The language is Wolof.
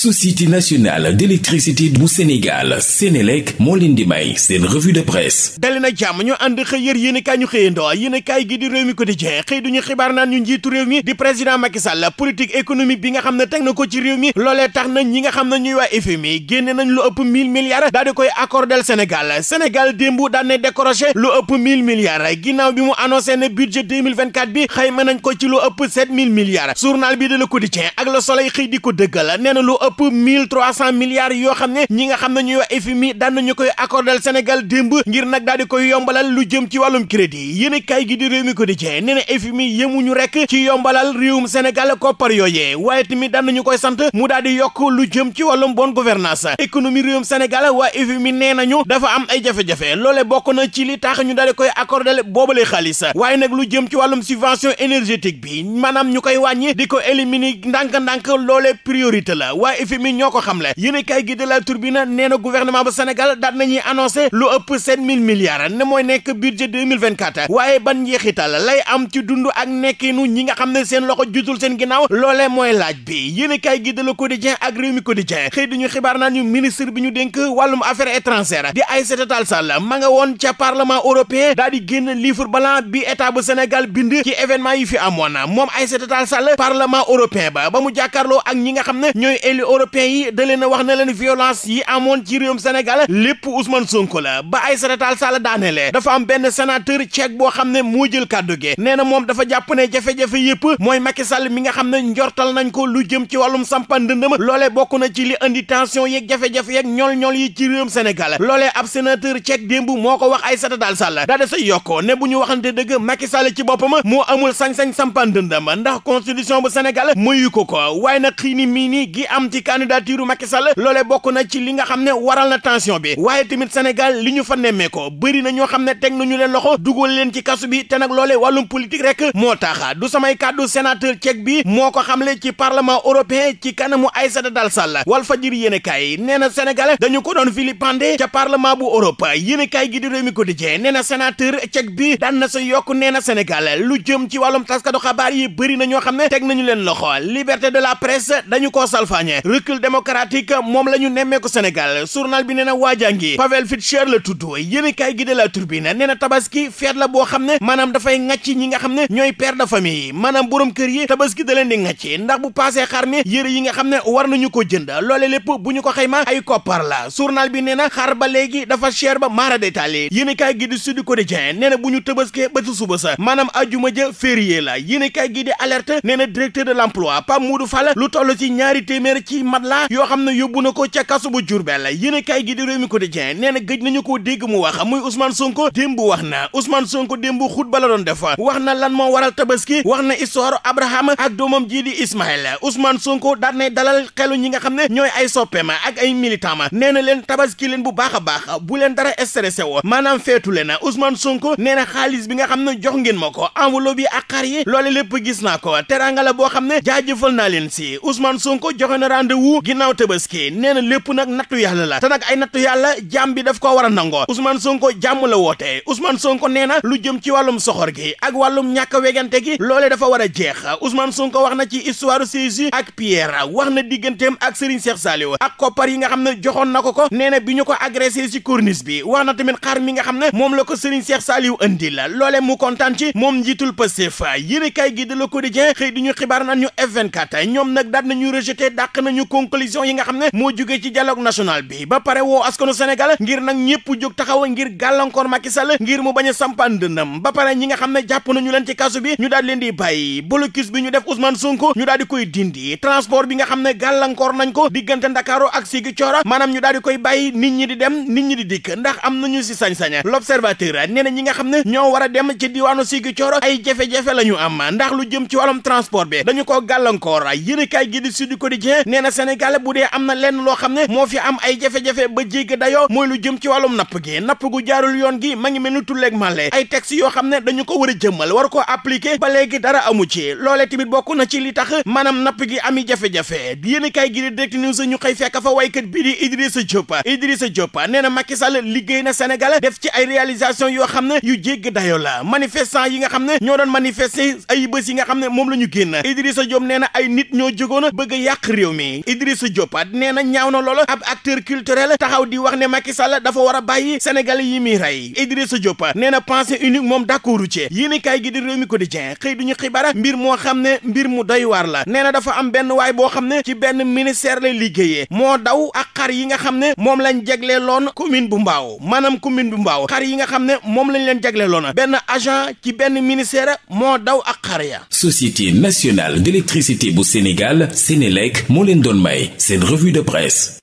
société nationale d'électricité bu Sénégal Sénélec moo leen di may seen revue de presse dali nag ñu ànd xëy yër yéen ñu xëyandoo yéen i kaay gi di réew mi quotidien xëy duñu xibaar naan ñu njiitu réew mi di président Macky Sall politique économique bi nga xam ne teg na ko ci réew mi loolee tax na ñi nga xam ne ñuy waa FMI génne na décroché lu ëpp 1000 milliards ginnaaw bi mu annoncé ne budget 2024 bi xëy mën nañ ko ci ëpp 7000 milliards journal ëpp mille trois cent milliards yoo xam ne ñi nga xam ne ñuy wax FMI daan nañu koy accordel Sénégal démb ngir nag daal di koy yombalal lu jëm ci wàllum crédit yéen a kaay gi di réew mi ko di jee nee na FMI yemuñu rek ci yombalal réewum Sénégal koppar yooyee waaye tamit daan nañu koy sant mu daal di yokk lu jëm ci wàllum bon bonne gouvernance économie réewum Sénégal waa FMI nee nañu dafa am ay jafe-jafe loole bokk na ci li tax ñu daal di koy accordel boobale xaalis waaye nag lu jëm ci wàllum subvention énergétique bi maanaam ñu koy wàññi di ko éliminer ndànk-ndànk loole priorité la FMI ñoo ko xamle yéenekaay gi de La Tribune nee na gouvernement bu Sénégal daat nañuy annoncé lu ëpp 7000 milliards ne mooy nekk budget 2024 waaye ban njeexital lay am ci dund ak nekkinu ñi nga xam ne seen loxo jutul seen ginnaaw loolee mooy laaj bi yéenekaay gi de Le Quotidien ak Rewmi Quotidien xëy dañu xibaar naa ñu ministre bi ñu dénk wàllum affaires étrangères di Aïssata Tall Sall ma nga woon ca parlement européen daal di génn livre bi état yi fi amoon moom Aïssata Tall Sall parlement européen ba ba nga xam ne européen yi da na a wax na leen violence yi amoon ci réewum Sénégal lépp Ousmane Sonko la ba Aïssata Tall Sall daanelee dafa am benn sénateur ceeg boo xam ne moo jël kàddu gi nee na moom dafa jàpp ne jafe-jafe yëpp mooy Macky Sall mi nga xam ne njortal nañ ko lu jëm ci wàllum sampan dëndëm loolee bokk na ci li indi tension yeeg jafe-jafe yeeg ñool-ñool yi ci réewum loole loolee ab sénateur ceeg démb moo ko wax ay Tall Sall daa de say yokkoo ne bu ñu waxante dëgg Macky Sall ci boppam moo amul sañ-sañ sampan dëndëm ndax constitution bu Sénégal mayu ci candidature Macky Sall loolee bokk na ci li nga xam ne waral na tension bi waaye tamit Sénégal li ñu fa nemmee ko bëri na ñoo xam ne teg nañu leen loxo dugal leen ci kasu bi te nag loole wàllum politique rek moo tax du samay kàddu sénateur ceeg bi moo ko xam le ci parlement européen ci kanamu Aïssata Tall Sall Walfadjri yéenekaay nee na Sénégal dañu ko doon vilipender ca parlement bu Europe yéenekaay gi di Rewmi Quotidien nee na sénateur ceeg bi daan na sa yokk nee na Sénégal lu jëm ci wàllum taskatu xabaar yi bëri na ñoo xam ne teg nañu leen loxo liberté de la presse dañu koo salfaañe recul démocratique moom la ñu nemmeeku Sénégal journal bi nee na waajaa ngi Pavel Fischer la tudd yéen kaay gi de la Tribune nee na tabaski feet la boo xam ne maanaam dafay ŋàcc ñi nga xam ne ñooy père de famille maanaam borom kër yi tabaski da leen di ŋàcc ndax bu paasee xar mi yëre yi nga xam ne war nañu ko jënd loole lépp bu ñu ko xayma ay koppar la journal bi nee na xar ba léegi dafa cher ba maara détaillé yéen kaay gi di Sud Quotidien nee na bu ñu tabaskee ba ci suba sa maanaam ajuma ja férié la yéen kaay gi alerte nee na directeur de l'emploi Pape lu toll ci ñaari téeméer ci ñetti matelas yoo xam ne yóbbu na ko ca kaso bu Jurbel yéenekaay gi di Rewmi de nee na gëj nañu koo dégg mu wax muy Ousmane Sonko démb wax na Ousmane Sonko démb xutba la doon def wax na lan moo waral tabaski wax na histoire Abraham a doomam jii di Ismaël Ousmane Sonko daan dalal xelu ñi nga xam ne ñooy ay soppeem ak ay militant ma nee na leen tabaski leen bu baax a baax bu leen dara stressé woo maanaam feetu leen Ousmane Sonko nee na xaalis bi nga ma ko enveloppe yi ak xar yi ko teranga la boo xam ne jaajëfal naa leen si Ousmane rendez-vous ginnaaw tabaski nee na lépp nag nattu yàlla la te nag ay nattu yàlla jàmm bi daf ko war a nangoo Ousmane Sonko jàmm la woote Ousmane Sonko nee na lu jëm ci wàllum soxor gi ak wàllum ñàkk a wegante gi loolee dafa war a jeex Ousmane Sonko wax ci histoire Séju ak Pierre wax digganteem ak Serigne Cheikh Saliou ak koppar yi nga xam ne joxoon na ko ko nee na bi ñu ko agressé ci corniche bi wax na xar mi nga xam ne moom la ko Serigne Cheikh Saliou indi la loolee mu kontaan ci moom njiitul Pastef nañu conclusion yi nga xam ne moo jugee ci dialogue national bi ba pare woo askanu Sénégal ngir nag ñëpp jóg taxaw ngir gàllankoor Macky Sall ngir mu bañ a sampaan dëndam ba pare ñi nga xam ne jàpp nañu leen ci kasu bi ñu daal leen di bàyyi blocus bi ñu def Ousmane Sonko ñu daal di koy dindi transport bi nga xam ne gàllankoor nañ ko diggante Ndakaaru ak Ziguinchor maanaam ñu daal di koy bàyyi nit ñi di dem nit ñi di dikk ndax am nañu si sañ-sañ l'observateur nee na ñi nga xam ne ñoo war a dem ci diwaanu Ziguinchor ay jafe-jafe la am ndax lu jëm ci wàllum transport bi dañu ko gàllankoor na Sénégal bu dee am na lenn loo xam ne moo fi am ay jafe ba jégg dayoo mooy lu jëm ci wàllum napp gi napp gu jaarul yoon gi ma ngi mel ni tulleeg màlle ay texte yoo xam ne dañu ko war a war koo appliquer ba léegi dara amu ci loolee tamit bokk na ci li tax maanaam napp gi ami jafe-jafe yéen kay gi di direct news ñu xëy fekk fa waykat bii di Idrissa Diop Idrissa Diop nee na Macky Sall liggéey na Sénégal def ci ay réalisation yoo xam ne yu jégg dayoo la manifestant yi nga xam ne ñoo doon manifester ay bés yi nga xam ne moom la ñu génn Idrissa Diop nee na ay nit ñoo jógoon bëgg yàq réew mi yi Idrissa Diop nee na ñaaw na loolu ab acteur culturel taxaw di wax ne Macky Sall dafa war a bàyyi Sénégalais yi muy rey Idrissa Diop nee na pensée unique moom d'accordu ci yéenekaay gi di Rewmi Quotidien xëy duñu xibaar mbir moo xam ne mbir mu doy waar la nee na dafa am benn waay boo xam ne ci benn ministère lay liggéeyee moo daw a xar yi nga xam ne moom lañ jagleeloon commune bu Mbao maanaam commune bu Mbao xar yi nga xam ne moom lañ leen jagleeloon benn agent ci benn ministère moo daw ak xar ya société nationale d'électricité bu Sénégal Sénélec moo leen doon may seen revue de presse